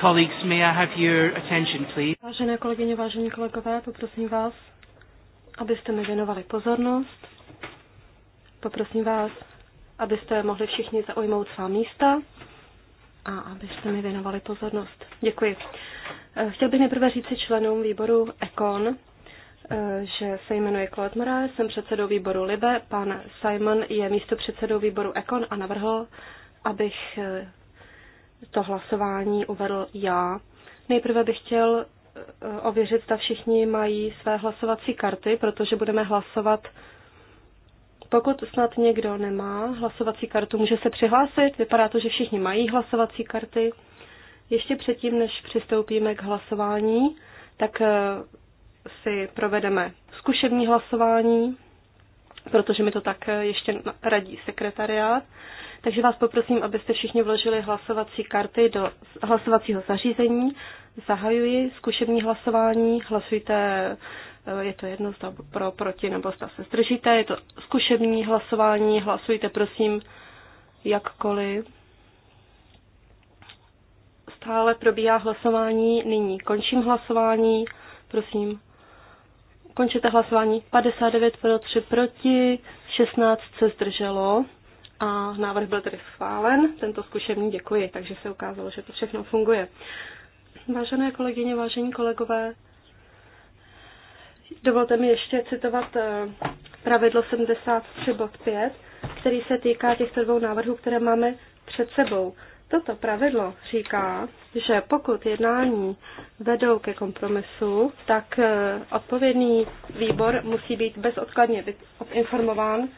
Colleagues, may I have your attention, please? Vážené kolegyně, vážení kolegové, poprosím vás, abyste mi věnovali pozornost. Poprosím vás, abyste mohli všichni zaujmout svá místa a abyste mi věnovali pozornost. Děkuji. Eh, chtěl bych nejprve říci členům výboru ECON, eh, že se jmenuje Claude Morales, jsem předsedou výboru LIBE, pan Simon je místo předsedou výboru ECON a navrhl, abych eh, to hlasování uvedl já. Nejprve bych chtěl e, ověřit, zda všichni mají své hlasovací karty, protože budeme hlasovat. Pokud snad někdo nemá hlasovací kartu, může se přihlásit. Vypadá to, že všichni mají hlasovací karty. Ještě předtím, než přistoupíme k hlasování, tak e, si provedeme zkušební hlasování, protože mi to tak e, ještě radí sekretariát. Takže vás poprosím, abyste všichni vložili hlasovací karty do hlasovacího zařízení. Zahajuji zkušební hlasování. Hlasujte, eh, je to jedno, zda pro, proti nebo zda se zdržíte. Je to zkušební hlasování. Hlasujte, prosím, jakkoliv. Stále probíhá hlasování. Nyní končím hlasování. Prosím, končete hlasování 59 pro 3 proti, 16 se zdrželo a návrh byl tedy schválen, tento zkušený děkuji, takže se ukázalo, že to všechno funguje. Vážené kolegyně, vážení kolegové, dovolte mi ještě citovat eh, pravidlo 73 bod 5, který se týká těchto dvou návrhů, které máme před sebou. Toto pravidlo říká, že pokud jednání vedou ke kompromisu, tak eh, odpovědný výbor musí být bezodkladně informován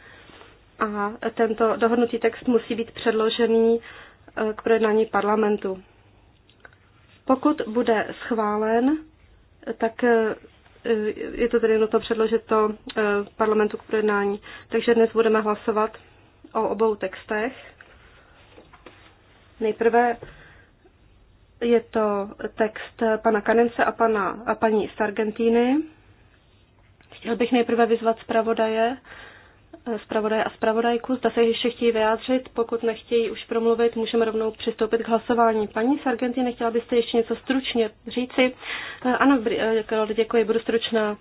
a tento dohodnutý text musí být předložený e, k projednání parlamentu. Pokud bude schválen, tak e, je to tedy nutno předložit to e, parlamentu k projednání. Takže dnes budeme hlasovat o obou textech. Nejprve je to text pana Kanence a, pana, a paní Sargentiny. Chtěl bych nejprve vyzvat zpravodaje, Eh, zpravodaje a zpravodajku. Zda se ještě chtějí vyjádřit, pokud nechtějí už promluvit, můžeme rovnou přistoupit k hlasování. Paní z nechtěla chtěla byste ještě něco stručně říci? Eh, ano, eh, děkuji, budu stručná.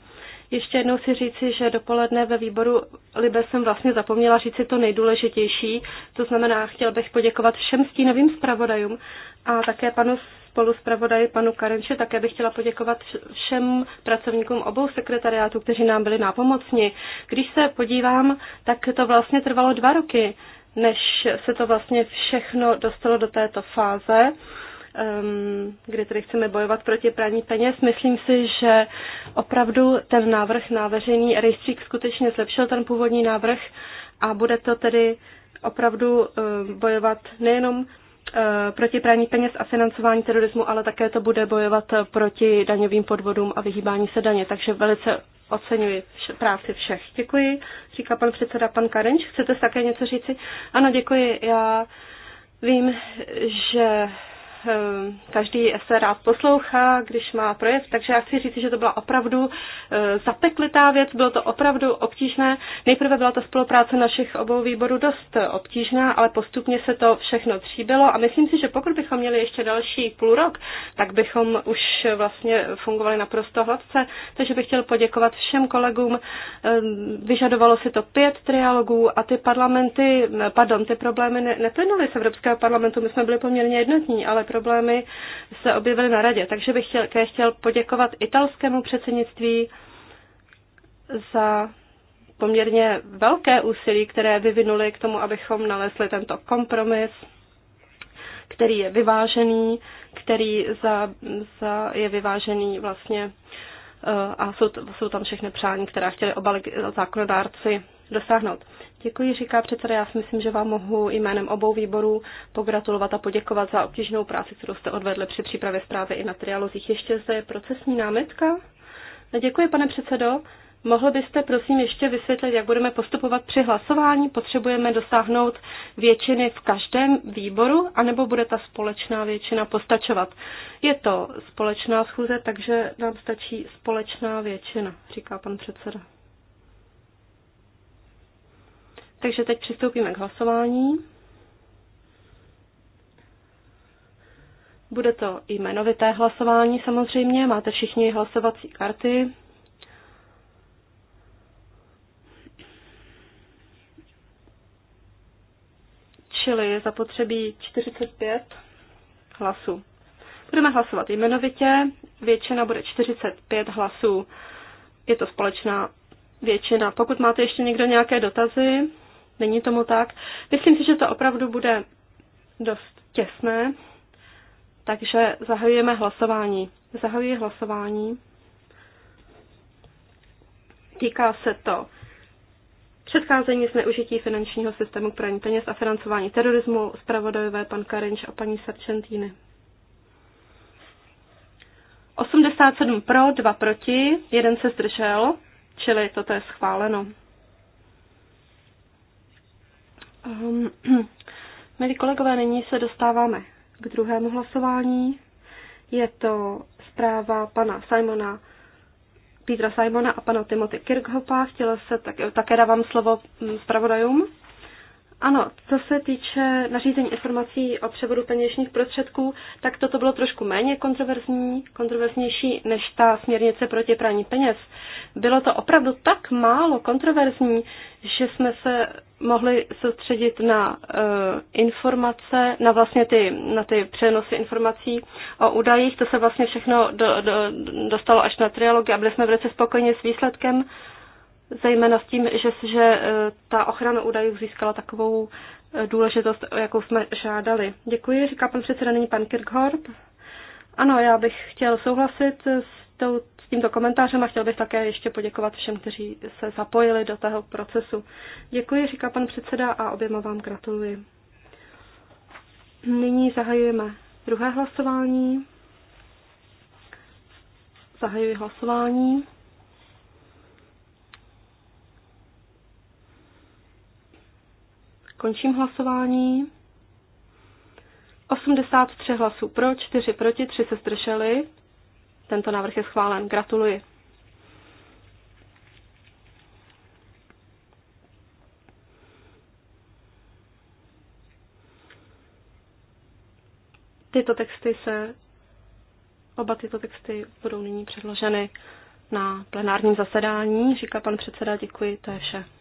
Ještě jednou si říci, že dopoledne ve výboru Libe jsem vlastně zapomněla říci to nejdůležitější, to znamená, chtěl bych poděkovat všem stínovým zpravodajům a také panu spolu zpravodaji panu Karenče. Také bych chtěla poděkovat všem pracovníkům obou sekretariátů, kteří nám byli nápomocni. Když se podívám, tak to vlastně trvalo dva roky, než se to vlastně všechno dostalo do této fáze um, ehm, kde tedy chceme bojovat proti praní peněz. Myslím si, že opravdu ten návrh na veřejný rejstřík skutečně zlepšil ten původní návrh a bude to tedy opravdu um, bojovat nejenom Eh, proti praní peněz a financování terorismu, ale také to bude bojovat proti daňovým podvodům a vyhýbání se daně. Takže velice oceňuji práci všech. Děkuji, říká pan předseda, pan Karenč. Chcete také něco říci? Ano, děkuji. Já vím, že Eh, každý se rád poslouchá, když má projev, takže já chci říct, že to byla opravdu eh, zapeklitá věc, bylo to opravdu obtížné. Nejprve byla ta spolupráce našich obou výborů dost eh, obtížná, ale postupně se to všechno tříbilo a myslím si, že pokud bychom měli ještě další půl rok, tak bychom už vlastně fungovali naprosto hladce. Takže bych chtěl poděkovat všem kolegům. Ehm, vyžadovalo si to pět trialogů a ty parlamenty, pardon, ty problémy neplynuly z Evropského parlamentu, my jsme byli poměrně jednotní, ale problémy se objevily na radě. Takže bych chtěl, chtěl poděkovat italskému předsednictví za poměrně velké úsilí, které vyvinuli k tomu, abychom nalezli tento kompromis který je vyvážený, který za, za je vyvážený vlastně eh, a jsou, jsou tam všechny přání, která chtěli oba zákonodárci dosáhnout. Děkuji, říká předseda. Já si myslím, že vám mohu jménem obou výborů pogratulovat a poděkovat za obtížnou práci, kterou jste odvedli při přípravě zprávy i na trialozích. Ještě zde je procesní námitka. Děkuji, pane předsedo. Mohl byste prosím ještě vysvětlit, jak budeme postupovat při hlasování? Potřebujeme dosáhnout většiny v každém výboru, anebo bude ta společná většina postačovat? Je to společná schůze, takže nám stačí společná většina, říká pan předseda. Takže teď přistoupíme k hlasování. Bude to jmenovité hlasování samozřejmě, máte všichni hlasovací karty. Čili je zapotřebí 45 hlasů. Budeme hlasovat jmenovitě, většina bude 45 hlasů. Je to společná většina. Pokud máte ještě někdo nějaké dotazy, není tomu tak. Myslím si, že to opravdu bude dost těsné, takže zahajujeme hlasování. Zahajuji hlasování. Týká se to předcházení zneužití finančního systému k praní peněz a financování terorismu, zpravodajové pan Karenč a paní Sarčentýny. 87 pro, 2 proti, jeden se zdržel, čili toto je schváleno. Um, milí kolegové, nyní se dostáváme k druhému hlasování. Je to zpráva pana Simona Petra Simona a pana Timothy Kirkhopa. Chtěla se tak, také dávám slovo mm, zpravodajům. Ano, co se týče nařízení informací o převodu peněžních prostředků, tak toto bylo trošku méně kontroverzní, kontroverznější než ta směrnice proti praní peněz. Bylo to opravdu tak málo kontroverzní, že jsme se mohli soustředit na uh, informace, na vlastně ty, na ty přenosy informací o údajích. To se vlastně všechno do, do, dostalo až na trialogy a byli jsme velice spokojeni s výsledkem. Uh, zejména s tím, že, že eh, ta ochrana údajů získala takovou eh, důležitost, jakou jsme žádali. Děkuji, říká pan předseda, není pan Kirkhorp. Ano, já bych chtěl souhlasit s, tou, s tímto komentářem a chtěl bych také ještě poděkovat všem, kteří se zapojili do toho procesu. Děkuji, říká pan předseda a oběma vám gratuluji. Nyní zahajujeme druhé hlasování. Zahajuji hlasování. Končím hlasování. 83 hlasů pro, 4 proti, 3 se zdrželi. Tento návrh je schválen. Gratuluji. Tyto texty se, oba tyto texty budou nyní předloženy na plenárním zasedání. Říká pan předseda, děkuji, to je vše.